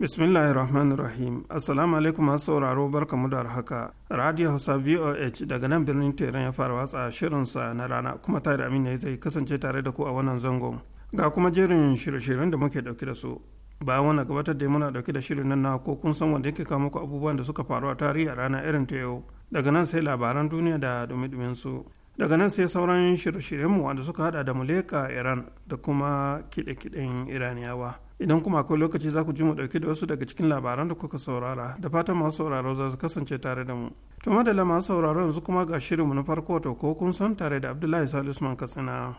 bismillahi rahmanir rahim assalamu alaikum masu sauraro barka da haka radio hausa voh daga nan birnin teran ya fara watsa shirinsa na rana kuma tare amin ne zai kasance tare da ku a wannan zangon ga kuma jerin shirye-shiryen da muke dauke da su bayan wannan gabatar da muna dauke da shirin nan na ko kun san wanda yake kawo muku abubuwan da suka faru a tarihi a rana irin ta yau daga nan sai labaran duniya da dumi su daga nan sai sauran shirye-shiryenmu wanda suka hada da muleka iran da kuma kide-kiden iraniyawa idan kuma akwai lokaci za ku ji mu dauki da wasu daga cikin labaran da kuka saurara da fatan masu sauraro za su kasance tare da mu to madalla masu sauraro yanzu kuma ga shirinmu na farko to ko kun san tare da abdullahi salisu usman katsina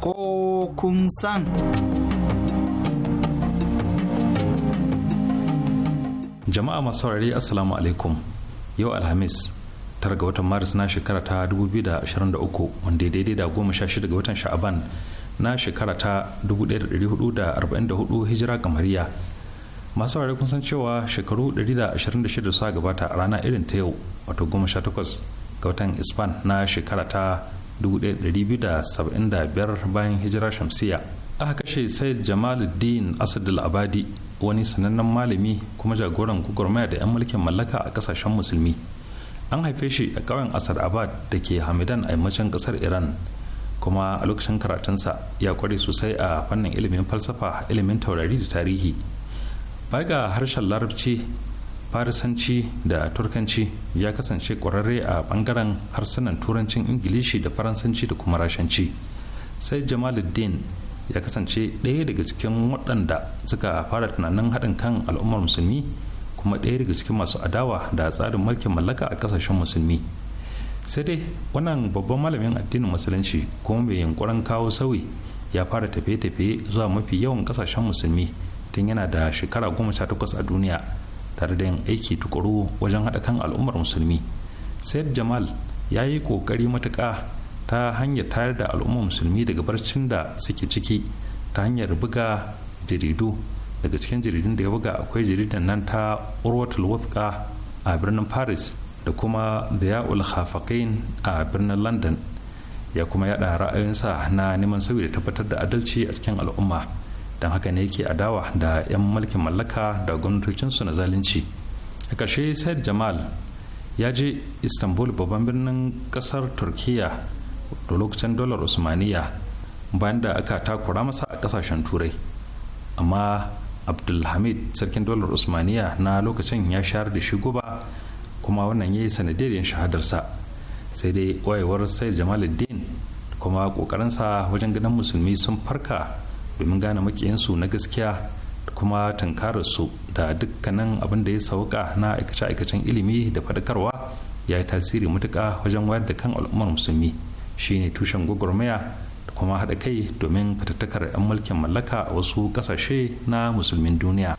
ko kun san jama'a masu saurari assalamu alaikum yau alhamis tara ga watan maris na shekara ta 2023 wanda ya daidai da goma sha shida ga watan sha'aban na shekara ta 1444 hijira kamariya masu saurari kun san cewa shekaru 126 suka gabata a rana irin ta yau wato goma sha takwas ga watan ispan na shekara ta 1275 bayan hijira shamsiya aka kashe sai jamaluddin asadul abadi wani sanannen malami kuma jagoran gwagwarmaya da 'yan mulkin mallaka a kasashen musulmi an haife shi a ƙauyen asar abad da ke hamidan a yammacin ƙasar iran kuma a lokacin karatunsa ya kware sosai a fannin ilimin falsafa ilimin taurari da tarihi bai ga harshen larabci farisanci da turkanci ya kasance ƙwararre a bangaren harsunan turancin ingilishi da faransanci da kuma rashanci sai jamaluddin ya kasance ɗaya daga cikin waɗanda suka fara tunanin haɗin kan al'ummar musulmi kuma ɗaya daga cikin masu adawa da tsarin mulkin mallaka a ƙasashen musulmi sai dai wannan babban malamin addinin musulunci kuma mai yunkurin kawo sauyi ya fara tafiye-tafiye zuwa mafi yawan ƙasashen musulmi tun yana da shekara goma sha takwas a duniya tare da yin aiki tukuru wajen haɗa kan al'ummar musulmi sayyid jamal ya yi ƙoƙari matuƙa ta hanyar tayar da al'ummar musulmi daga barcin da suke ciki ta hanyar buga jaridu daga cikin jaridun da ya buga akwai jaridan nan ta urwatul wuthqa a birnin paris da kuma diya'ul khafaqin a birnin london ya kuma yada ra'ayinsa na neman saboda tabbatar da adalci a cikin al'umma don haka ne yake adawa da 'yan mulkin mallaka da gwamnatocinsu na zalunci a ƙarshe said jamal ya je istanbul babban birnin ƙasar turkiyya. da lokacin dolar usmaniya bayan da aka takura masa a kasashen turai amma abdulhamid sarkin dolar usmaniya na lokacin ya shayar da shi guba kuma wannan ya yi sanadiyar shahadarsa sai dai wayewar sai jamaluddin kuma kokarinsa wajen ganin musulmi sun farka domin gane makiyansu na gaskiya da kuma tunkararsu da dukkanin abin da ya sauka na aikace-aikacen ilimi da faɗakarwa ya yi tasiri matuƙa wajen wayar da kan al'ummar musulmi shine tushen gwagwarmaya da kuma haɗa kai domin fatattakar 'yan mulkin mallaka a wasu ƙasashe na musulmin duniya.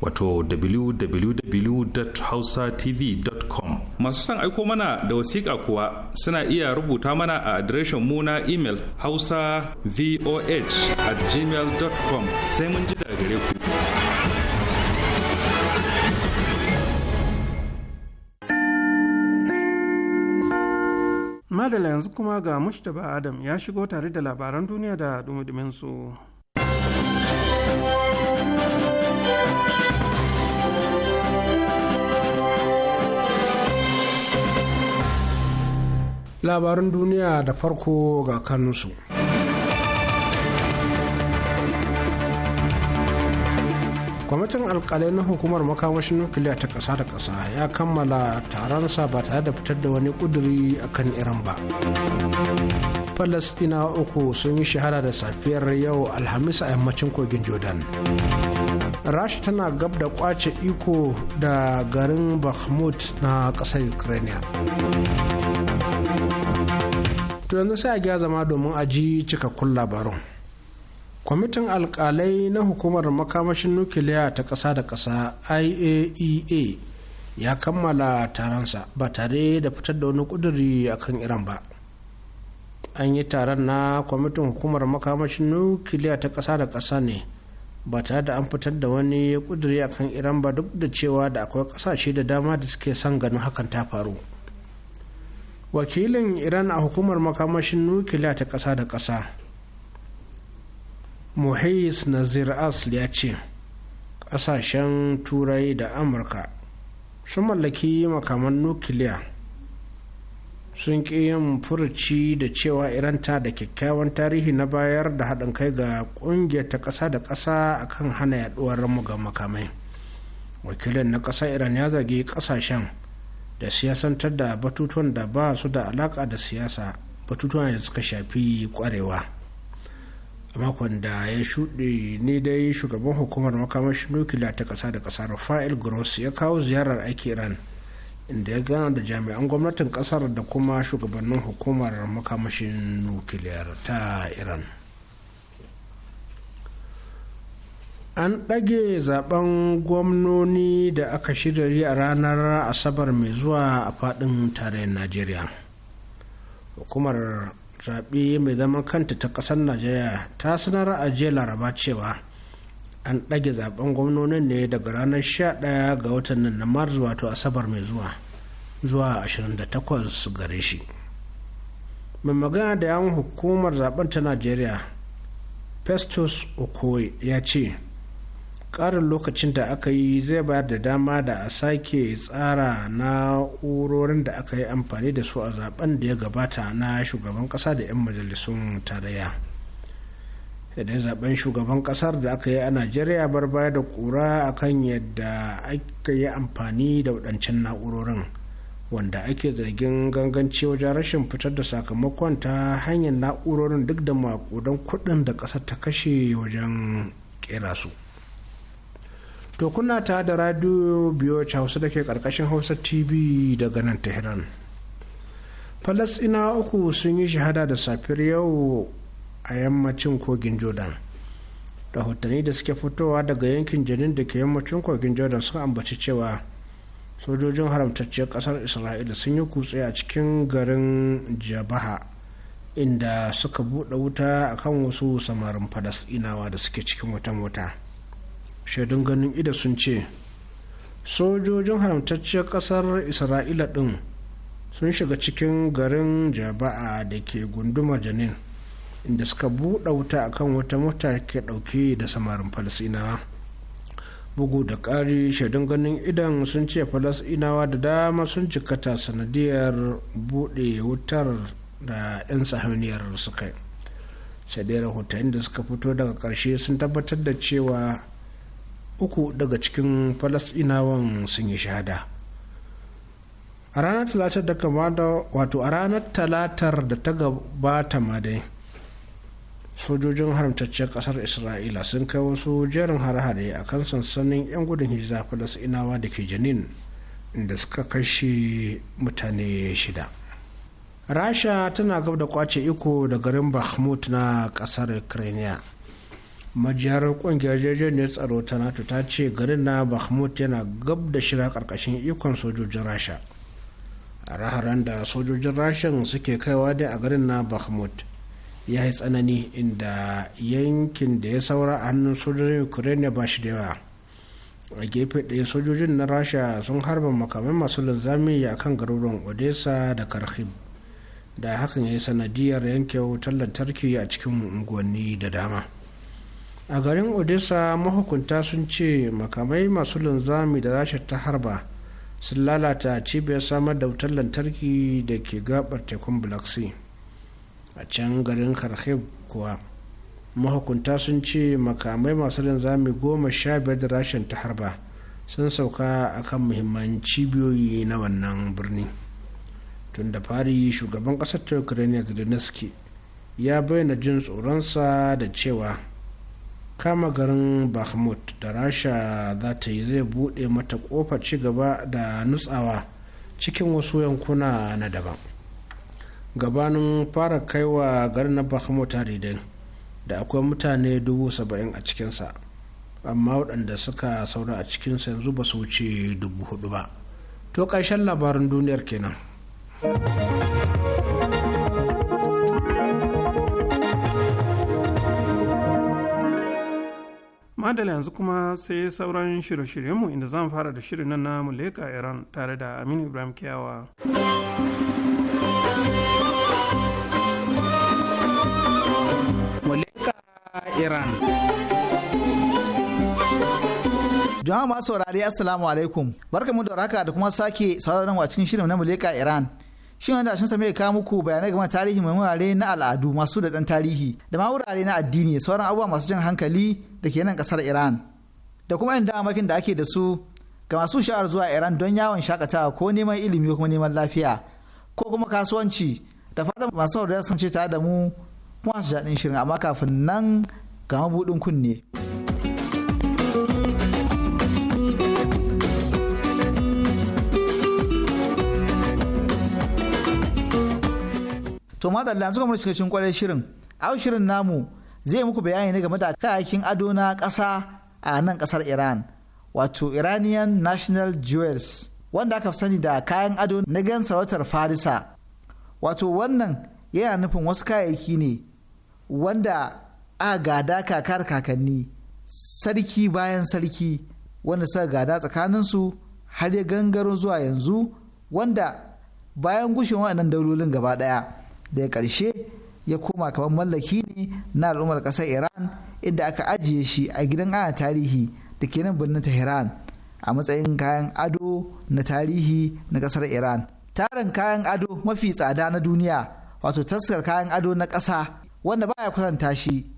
wato www.hausatv.com masu son aiko mana da wasiƙa kuwa suna iya rubuta mana a adireshin mu na imel hausa voh at gmail.com sai mun ji gare ku madala yanzu kuma ga mushtaba adam ya shigo tare da labaran duniya da dumudumin su labaran duniya da farko ga kanunsu. kwamitin alkalai na hukumar makamashin nukiliya ta kasa da kasa ya kammala taronsa ba tare da fitar da wani ƙuduri a kan iran ba falastina uku sun yi shahara da safiyar yau alhamis a yammacin kogin jordan rasha tana gab da kwace iko da garin bakhmut na ƙasar ukraine to yanzu sai a gya zama domin a ji cikakkun labarun kwamitin alkalai na hukumar makamashin nukiliya ta ƙasa da ƙasa iaea e ya kammala taronsa ba tare da fitar da wani ƙuduri akan iran ba an yi taron na kwamitin hukumar makamashin nukiliya ta ƙasa da ƙasa ne ba tare da an fitar da wani ƙuduri akan iran ba duk da cewa da akwai ƙasashe da dama da suke son ganin hakan ta faru wakilin iran a hukumar makamashin nukiliya ta ƙasa da ƙasa muhais nazir asl ya ce ƙasashen turai da amurka sun mallaki makaman nukiliya sun ƙi yin furuci da cewa iran ta da kyakkyawan tarihi na bayar da haɗin kai ga ƙungiyar ta ƙasa da ƙasa kan hana yaɗuwar ga makamai wakilin na ƙasa iran ya zagi ƙasashen da siyasantar da batutuwan da ba su da alaka da siyasa batutuwan da suka shafi kwarewa a makon da ya shuɗe ni dai shugaban hukumar makamashin nukiliya ta ƙasa da ƙasa fa'il gross ya kawo ziyarar aiki iran inda ya gana da jami'an gwamnatin ƙasar da kuma shugabannin hukumar makamashin nukiliyar ta iran an ɗage zaben gwamnoni da aka shirya a ranar asabar mai zuwa a faɗin tarayyar najeriya hukumar zaɓe mai zaman kanta ta ƙasar najeriya ta sanar a jiya laraba cewa an ɗage zaben gwamnonin ne daga ranar 11 ga watan nan na maris wato asabar mai zuwa zuwa 28 gare shi mai magana da yawon hukumar zaben ta najeriya festus okoye ya ce ƙarin lokacin da aka yi zai bayar da dama da a sake tsara na'urorin da aka yi amfani da su a zaben da ya gabata na shugaban ƙasa da 'yan majalisun tarayya idan zaben shugaban ƙasar da aka yi a najeriya bar baya da ƙura akan yadda aka yi amfani da waɗancan na'urorin wanda ake zargin ganganci wajen rashin fitar da sakamakon ta hanyar na'urorin duk da makudan kuɗin da ƙasar ta kashe wajen ƙera su. to kuna ta da radio biyu hausa da ke ƙarƙashin hausa tv daga nan tehran falasina uku sun yi shahada da safiyar yau a yammacin kogin jordan rahotanni da suke fitowa daga yankin janin da ke yammacin kogin jordan sun ambaci cewa sojojin haramtacciyar kasar isra'ila sun yi kutse a cikin garin jabaha inda suka buɗe wuta akan wasu samarin falasinawa da suke cikin wata mota. shaidun ganin ida sun ce sojojin haramtacciyar kasar isra'ila ɗin sun shiga cikin garin jaba'a da ke gundumar janin inda suka buɗe wuta akan wata mota ke ɗauke da samarin falasinawa bugu da ƙari shaidun ganin idan sun ce falasinawa da dama sun jikata sanadiyar buɗe wutar da 'yan sahaniyar suka sai dai rahotanni da suka fito daga ƙarshe sun tabbatar da cewa uku daga cikin falasinawan sun yi shahada a ranar talatar da wato a ranar talatar da ta gabata ma dai sojojin haramtacciyar kasar isra'ila sun kai wasu jerin hare-hare a kan sansanin 'yan gudun hijira falasinawa da ke janin da suka kashe mutane shida rasha tana gab da kwace iko da garin bakhmut na kasar ukraine majiyar kungiyar jirgin tsaro ta nato ta ce garin na bakhmut yana gab da shiga karkashin ikon sojojin rasha a raharan da sojojin rashin suke kaiwa dai a garin na bakhmut ya yi tsanani inda yankin da ya saura a hannun sojojin ukraine ba shi da yawa a gefe ɗaya sojojin na rasha sun harba makamai masu linzami a kan garuruwan odessa da kharkiv da hakan ya yi sanadiyar yanke wutar lantarki a cikin unguwanni da dama a garin odessa mahukunta sun ce makamai masu linzami da rasha ta harba sun lalata cibiyar samar da wutar lantarki da ke gabar tekun black sea a can garin kharkiv kuwa mahukunta sun ce makamai masu linzami goma sha biyar da rashin ta harba sun sauka a kan muhimman cibiyoyi na wannan birni tun da fari shugaban ƙasar ta ukraine zelensky ya bayyana jin tsoronsa da cewa kama garin bahmut da rasha za ta yi zai bude mata ƙofar ci gaba da nutsawa cikin wasu yankuna na daban gabanin fara kaiwa garin na bahmut haridai da akwai mutane dubu saba'in a cikinsa amma waɗanda suka saura a cikinsa yanzu ba su wuce dubu hudu ba to ƙarshen labarin duniyar kenan. madala yanzu kuma sai sauran shirye-shiryenmu inda zan fara da shirin nan na muleka iran tare da aminu ibrahim kiyawa muleka iran jama'a masu saurari assalamu alaikum mu da raka da kuma sake sauraron a cikin shirin na muleka iran shin wanda shin same ka muku bayanai game tarihi mai wurare na al'adu masu da dan tarihi da ma wurare na addini sauran abubuwa masu jan hankali da ke nan kasar iran da kuma 'yan damakin da ake da su ga masu sha'ar zuwa iran don yawon shakatawa ko neman ilimi ko kuma neman lafiya ko kuma kasuwanci da fatan masu saurari sun ce tare da mu kuma su daɗin shirin amma kafin nan ga mabuɗin kunne. to madalla suka kamar cikin kwarai shirin au shirin namu zai muku bayani ne game da kayakin ado na ƙasa a nan ƙasar Iran, wato Iranian National Jewels, wanda aka sani da kayan ado na gan sarautar Farisa. Wato wannan yana nufin wasu kayayyaki ne wanda a gada kakar kakanni, sarki bayan sarki, wanda suka gada tsakaninsu har ya gangaro zuwa yanzu, wanda bayan gushin waɗannan daulolin gaba ɗaya. Daga ƙarshe ya koma kamar mallaki ne na al'ummar ƙasar iran inda aka ajiye shi a gidan ana tarihi da ke nan birnin tehran a matsayin kayan ado na tarihi na ƙasar iran tarin kayan ado mafi tsada na duniya wato taskar kayan ado na ƙasa wanda baya kwatanta shi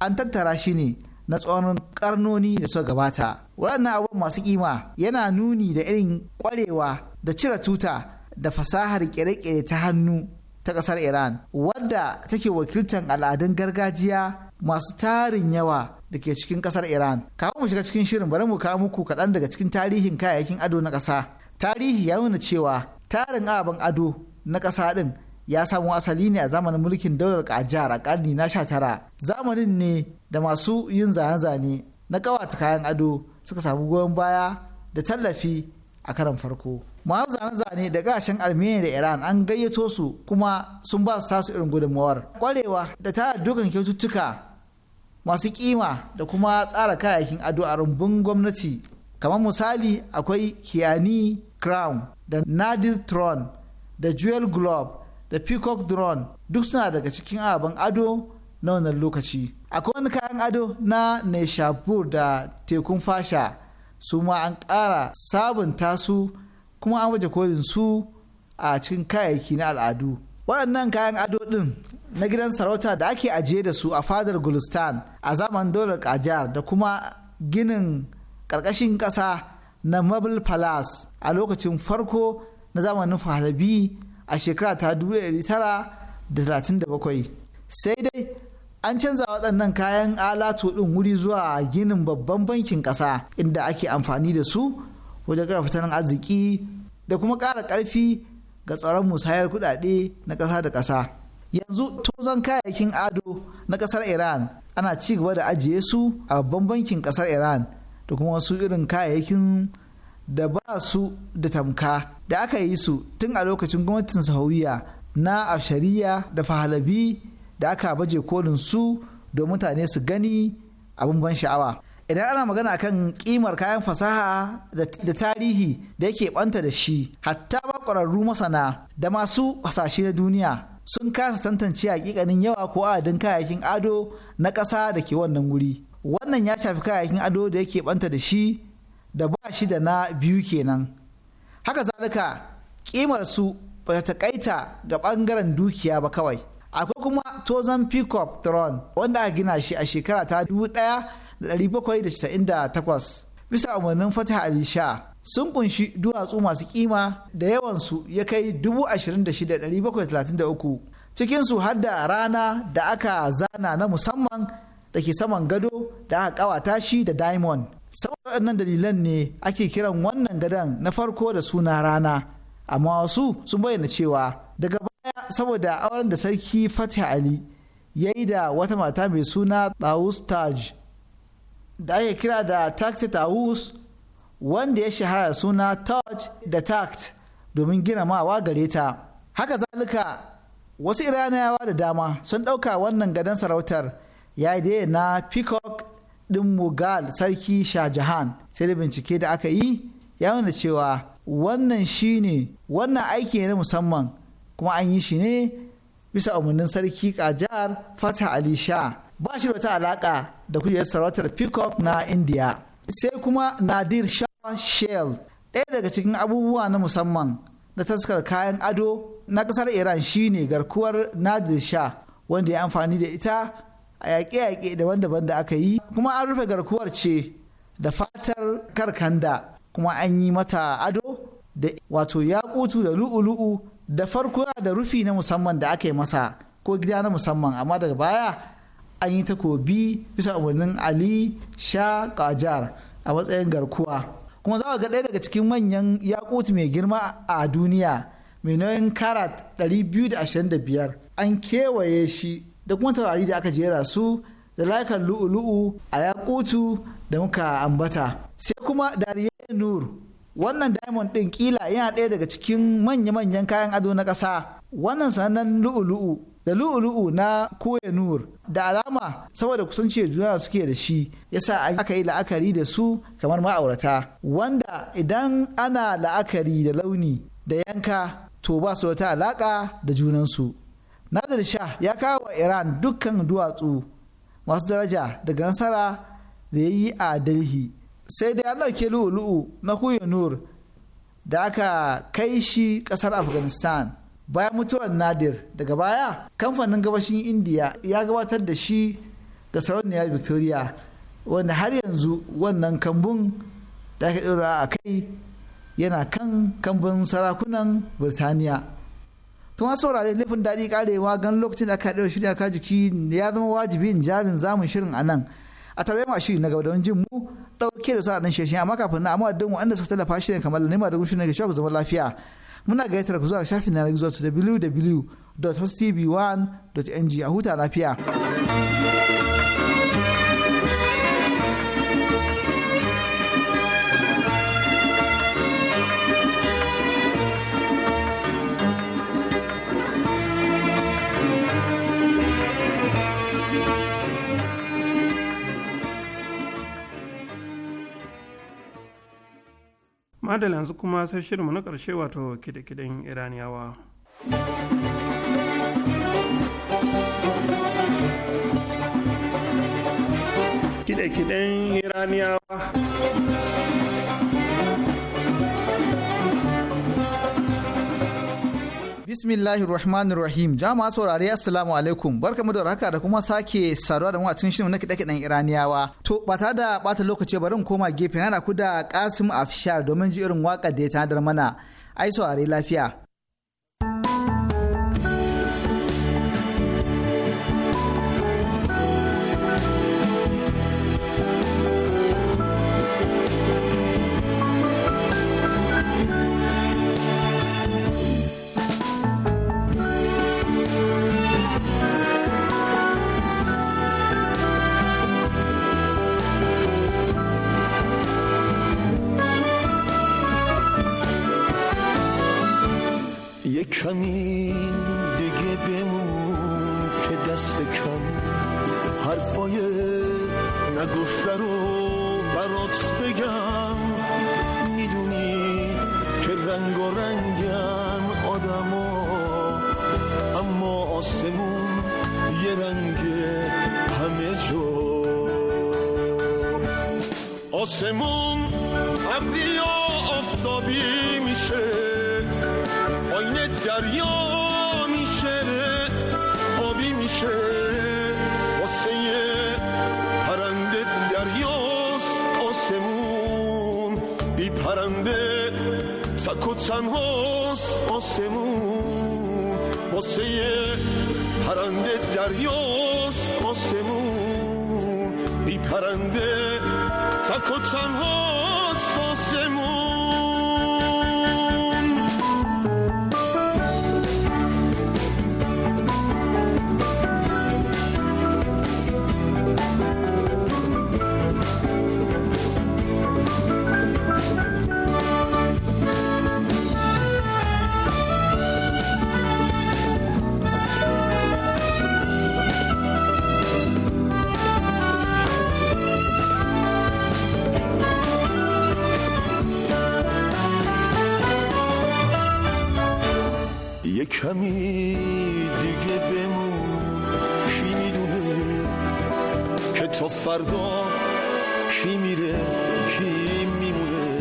an tattara shi ne na tsawon karnoni da suka gabata waɗannan abubuwan masu kima yana nuni da irin kwarewa da cire tuta da fasahar kere-kere ta hannu ta ƙasar iran wadda take wakiltar al'adun gargajiya masu tarin yawa da ke cikin ƙasar iran kawo mu shiga cikin shirin bari mu kawo muku kaɗan daga cikin tarihin kayayyakin ado na ƙasa tarihi ya nuna cewa tarin aban ado na ƙasa ɗin ya samu asali ne a zamanin mulkin daular qajar a ƙarni na sha tara zamanin ne da masu yin zane-zane na ƙawata kayan ado suka samu goyon baya da tallafi a karon farko masu zane-zane da gashin armenia da iran an gayyato su kuma sun ba su tasu irin gudunmawar kwarewa da ta dukkan kyaututtuka masu kima da kuma tsara kayayyakin ado a rumbun gwamnati kamar misali akwai kiani crown da nadir throne da jewel globe da peacock drone duk suna daga cikin abin ado na wannan lokaci akwai wani kayan ado na neshabur da tekun fasha su ma an ƙara sabunta su kuma an baje kolin su a cikin kayayyaki na al'adu waɗannan kayan ado ɗin na gidan sarauta da ake ajiye da su a fadar gulistan a zaman dolar kajar da kuma ginin ƙarƙashin ƙasa na marble palace a lokacin farko na zamanin fahalabi a shekara ta 1937 sai dai an canza waɗannan kayan alatu ɗin wuri zuwa ginin babban bankin ƙasa inda ake amfani da su wajen kara tattalin arziki da kuma ƙara ƙarfi ga tsaron musayar kuɗaɗe na ƙasa da ƙasa yanzu tozon kayayyakin ado na ƙasar iran ana ci gaba da ajiye su a babban bankin ƙasar iran da kuma wasu irin kayayyakin da ba su da tamka da aka yi su tun a lokacin gwamnatin sahawiya na ashariya da fahalabi da aka baje kolin su don mutane su gani abin ban sha'awa idan ana magana kan kimar kayan fasaha da tarihi da yake banta da shi hatta ma ƙwararru masana da masu hasashe na duniya sun kasa tantance hakikanin yawa ko adadin kayayyakin ado na ƙasa da ke wannan wuri wannan ya shafi kayayyakin ado da yake banta da shi da ba shi da na biyu kenan haka zalika kimar su ba ta kaita ga bangaren dukiya ba kawai akwai kuma tozan peacock throne wanda aka gina shi a shekara ta dubu ɗaya 798 bisa umarnin fatah ali sha sun kunshi duwatsu masu kima da yawansu ya kai 26,733 cikinsu har da rana da aka zana na musamman da ke saman gado da aka kawata shi da diamond saboda waɗannan dalilan ne ake kiran wannan gadon na farko da suna rana amma wasu sun bayyana cewa daga baya saboda auren da sarki fatih ali ya yi da wata mata mai suna taustage da ake kira da tactic house wanda ya shahara da suna touch da tact domin gina mawa gare ta haka zalika wasu iraniyawa da dama sun ɗauka wannan gadon sarautar ya daya na peacock ɗin mughal sarki shah jahan sai da bincike da aka yi ya nuna cewa wannan shine wannan aiki ne musamman kuma an yi shi ne bisa umarnin sarki kajar fatah ali shah ba shi wata alaka da kujerar sarautar peacock na india sai kuma nadir shah shell ɗaya daga cikin abubuwa na musamman na taskar kayan ado na ƙasar iran shine garkuwar nadir shah wanda ya amfani da ita a yaƙe-yaƙe daban-daban da aka yi kuma an rufe garkuwar ce da fatar karkanda kuma an yi mata ado da wato yakutu da lu'u-lu'u da farko da rufi na musamman da aka yi masa ko gida na musamman amma daga baya an yi takobi bisa umarnin ali sha kajar a matsayin garkuwa kuma za ga ɗaya daga cikin manyan yakut mai girma a duniya mai nauyin karat 225 an kewaye shi da kuma taurari da aka jera su da laikar lu'ulu'u a yakutu da muka ambata sai kuma dariya nur wannan diamond ɗin kila yana ɗaya daga cikin manya-manyan kayan ado na ƙasa wannan sanannen lu'ulu'u da lu'ulu'u na koya nur da alama saboda kusanci da juna suke da shi yasa aka yi la'akari da su kamar ma'aurata wanda idan ana la'akari da launi da yanka to ba su wata alaka da junansu nadir shah ya kawo wa iran dukkan duwatsu masu daraja daga nasara da ya yi a delhi sai dai an ɗauke lu'ulu'u na koya nur da aka kai shi ƙasar afghanistan bayan mutuwar nadir daga baya kamfanin gabashin india ya gabatar da shi ga sarauniya victoria wanda har yanzu wannan kambun da aka ɗora a kai yana kan kambun sarakunan birtaniya tun a saurare laifin daɗi karewa gan lokacin da aka ɗaura shirya ka jiki ya zama wajibi in jarin zamun shirin a nan a tare ma shiri na gaba da jin mu ɗauke da a ɗan sheshin amma kafin na amma don waɗanda suka tallafa shirin kamar lalima da gushi ne ke shaku zama lafiya muna gaitar ku zuwa shafin yanar gizo www.hostv1.ng a huta lafiya. madal yanzu kuma sai shirinmu na ƙarshe wato kide-kiden iraniyawa kide iraniyawa Bismillahir Rahmanir Rahim. Jama'a saurare Assalamu alaikum. Barkamu da haka da kuma sake saduwa da mu a cikin shirin na kiɗe Iraniyawa. To ba ta da bata lokaci bari in koma gefe yana ku da Kasim Afshar domin ji irin waka da ya tanadar mana. Ai saurare lafiya. تنهاست آسمون واسه پرنده دریاست آسمون بی پرنده تک و تنهاست آسمون یه کمی دیگه بمون کی میدونه که تا فردا کی میره کی میمونه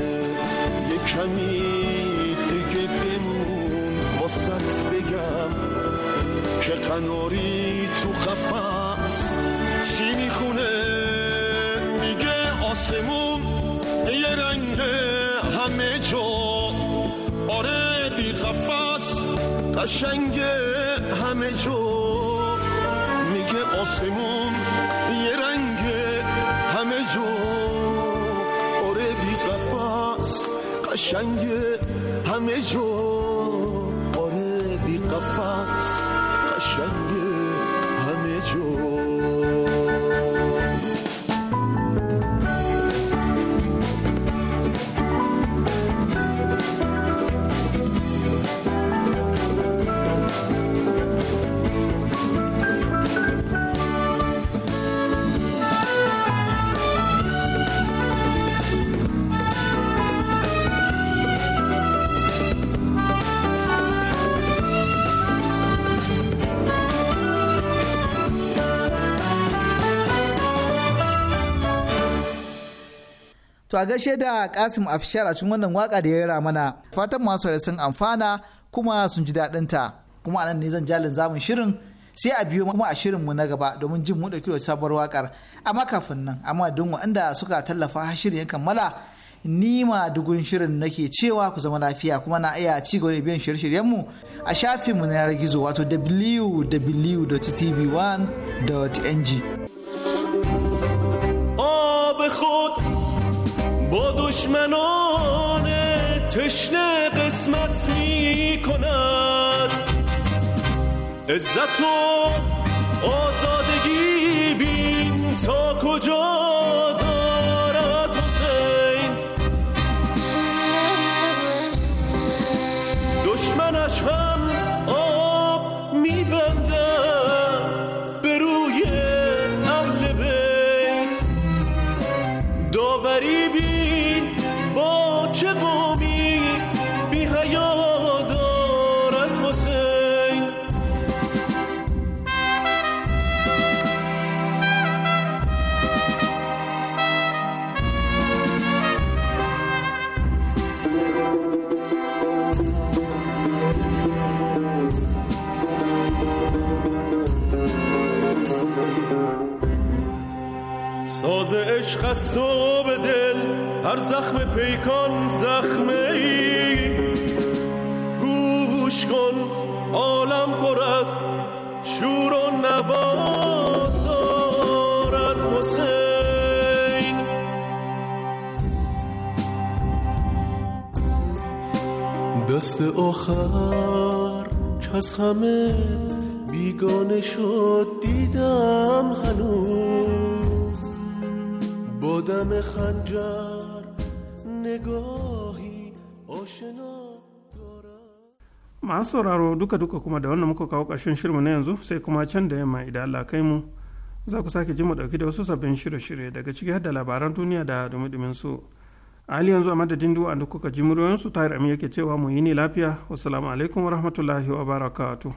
یه کمی دیگه بمون واسه بگم که قناری تو قفص چی میخونه میگه آسمون یه رنگ همه جا قشنگ همه جو میگه آسمون یه رنگ همه جو آره بی قفص قشنگ همه جو To a gaishe da Kasim Afishar a cikin wannan waka da ya yara mana fatan masu sun amfana kuma sun ji daɗin ta. Kuma anan ne zan jalin zamun shirin sai a biyo kuma a shirin mu na gaba domin jin mu dauki wata sabuwar wakar. Amma kafin nan amma don waɗanda suka tallafa har shirin kammala ni ma dugun shirin nake cewa ku zama lafiya kuma na iya ci gaba da biyan shirye-shiryen mu a shafin mu na yanar gizo wato www.tv1.ng. با دشمنان تشنه قسمت می کند عزت و آزادگی بین تا کجا ساز عشق است و به دل هر زخم پیکان زخمه گوش کن عالم پر از شور و نوا دارد حسین دست آخر از همه بیگانه شد دیدم هنوز دم خنجر نگاهی آشنا masu sauraro duka-duka kuma da wannan muka kawo ƙarshen shirmu na yanzu sai kuma can da yamma idan Allah kai mu za ku sake ji mu ɗauki da wasu sabbin shirye-shirye daga ciki da labaran duniya da dumi su a hali yanzu a madadin duwa da kuka ji su tayar amin yake cewa mu yi ne lafiya wasu alaikum wa rahmatullahi wa barakatuh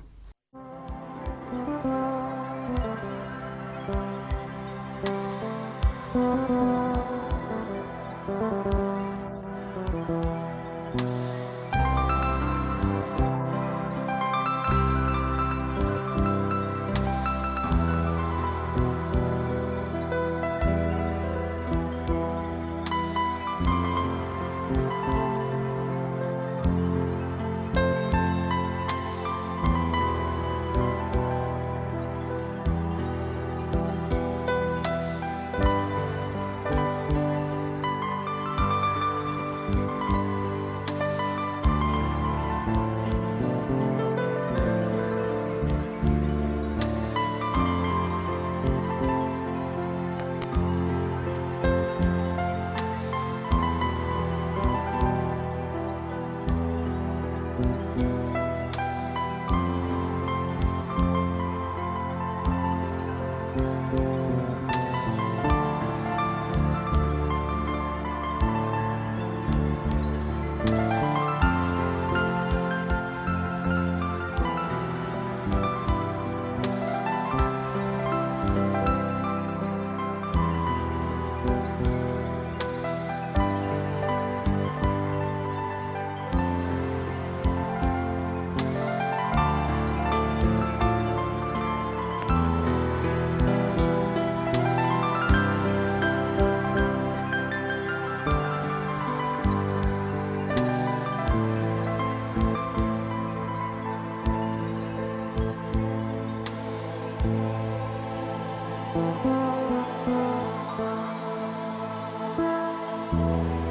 Thank you.